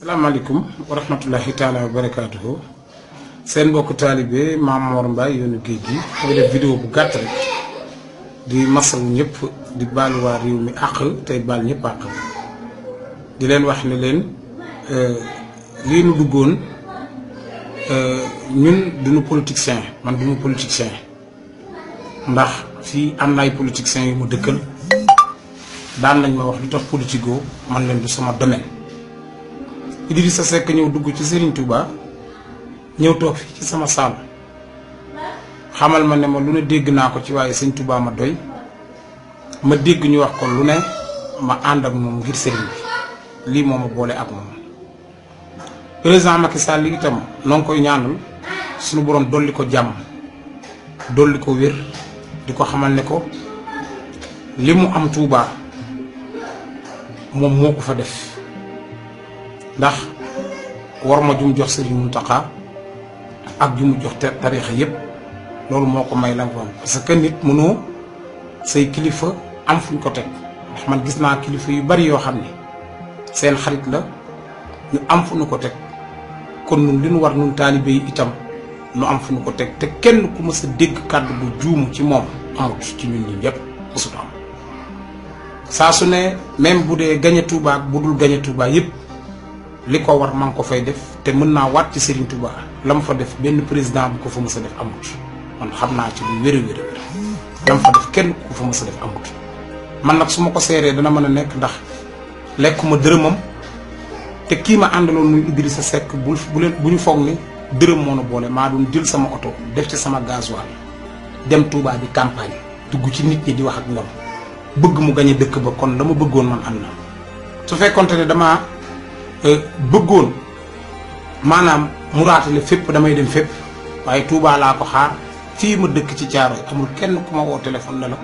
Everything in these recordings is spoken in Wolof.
salaamaaleykum wa rahmatulahi taala wa seen mbokk taalibe Maam Mor Mbaye yoonu géej gi mooy def vidéo bu gàtt rek di masawu ñëpp di baal waa réew mi àq tey baal ñëpp àq di leen wax ne leen euh, lii nu duggoon euh, ñun duñu politicien man duñu politicien ndax fii am na ay politiciens yu mu dëkkal daan nañ ma wax lu tax politico man leen du sama domaine. Idrissa Seck ñëw dugg ci Serigne Touba ñëw toog fii ci sama saal xamal ma ne ma lu ne dégg naa ko ci waaye sëñ Touba ma doy ma dégg ñu wax ko lu ne ma ànd ak moom ngir Serigne bi lii moom ma boole ak moom. président Macky Sall li itam noo koy ñaanal suñu borom dolli ko jàmm dolli ko wér di ko xamal ne ko li mu am Touba moom moo ko fa def. ndax war ma jum jox Serigne Mountakha ak ju mu jox te tariixa yëpp loolu moo ko may la ko sa que nit mënoo say kilifa am fuñ ko teg ndax man gis naa kilifa yu bari yoo xam ne seen xarit la ñu am fu ñu ko teg kon nun li ñu war nun taalibe itam nu am fu ñu ko teg te kenn ku mës a dégg kàddu gu juum ci moom amut ci ñun ñi ñëpp mësut am saa su ne même bu dee gañe Touba ak bu dul gañe Touba yëpp li ko war maa ko fay def te mën naa waat ci Serigne Touba la mu fa def benn président bu ko fa mës a def amut man xam naa ci lu wér a wér a wér la mu fa def kenn ko fa mës a def amut man nag su ma ko seeree dana mën a nekk ndax lekkuma dërëmam te kii ma àndaloon muy sa Seck bu bu leen bu ñu foog ni dërëm moo na boole maa doon jël sama oto def ci sama gasoil dem tuubaa bi campagne dugg ci nit ñi di wax ak ñoom bëgg mu gañe dëkk ba kon la bëggoon man am na Euh, bëggoon maanaam mu raatale fépp damay dem fépp waaye Touba laa ko xaar fii ma dëkk ci Thiaroye amul kenn ku ma woo téléphone ne la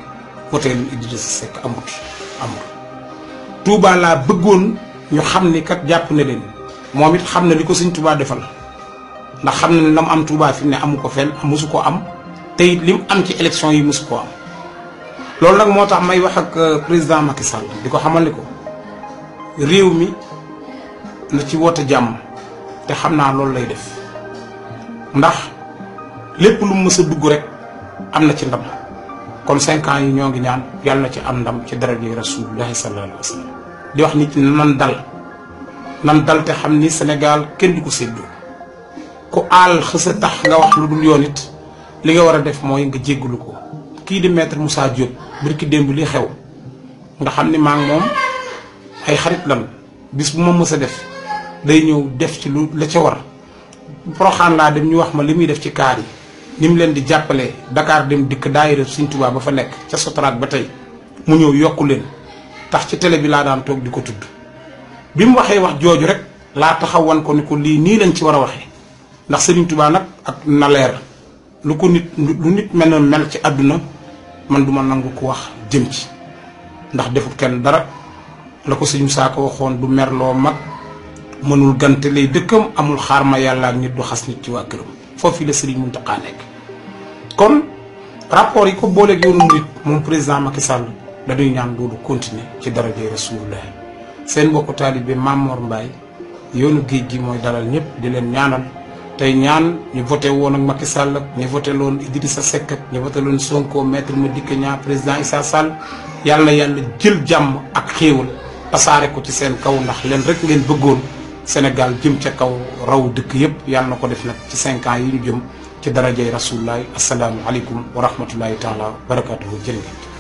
woteel Idrissa Seck amut amut Touba laa bëggoon ñu xam ni kat jàpp na leen moom it xam na li ko sëñ Touba defal ndax xam na ne la mu am Touba fi ne amu ko fenn musu ko am tey li mu am ci élection yi mosu ko am loolu nag moo tax may wax ak euh, président Macky Sall di ko xamal ni ko réew mi na ci woote jàmm te xam naa loolu lay def ndax lépp lu mu mës a dugg rek am na ci ndam kon cinq ans yi ñoo ngi ñaan yàlla na ci am ndam ci dara ji rasulullahi sallallahu alayhi wa sallam di wax nit ñi nan dal nan dal te xam ni senegal kenn di ko séddoo ku aal xësa tax nga wax lu dul yoon it li nga war a def mooy nga jéggalu ko kii di maître Moussa Diop birki démb li xew nga xam ni maa moom ay xarit lan bis bu ma mës a def day ñëw def ci lu la ca war Porokhane laa dem ñu wax ma li muy def ci kaar yi ni mu leen di jàppale dakaar dem dikk daayira Sëriñ Tuubaa ba fa nekk ca Sotrac ba tey mu ñëw yokku leen tax ci tele bi laa daan toog di ko tudd bi mu waxee wax jooju rek laa taxaw wan ko ni ko lii nii lañ ci war a waxee ndax Sëriñ tubaa nag ak naleer lu ko nit lu nit mel na mel ci àdduna man duma nangu ko wax jëm ci ndax defut kenn dara la ko sëñ Musaa Ka waxoon du merloo mag mënul gante lay dëkkam amul xaar ma yàlla ak nit du xass nit ci wa kërëm fofu la Serigne muntaka nek kon rapport yi ko booleeg yoonu nit mon président Macky Sall doy ñaan loolu continuer ci darajee rasulullah seen talib bi Mamor mbay yoonu geej gi moy dalal ñëpp di leen ñaanal tay ñaan ñu voté woon ak Macky Sall ñu voté loon Idrissa Seck ñu voté loon Sonko maître Madické Niang président Issa Sall yalla yalla jël jàmm ak xéewal passaré ko ci seen kaw ndax leen rek ngeen bëggoon Sénégal jëm ca kaw raw dëkk yëpp yal na ko def nag ci cinq ans yi ñu jëm ci darajay rasulilah asalaamualeykum wa rahmatullahi taala wa barakaatuhu jërëjëf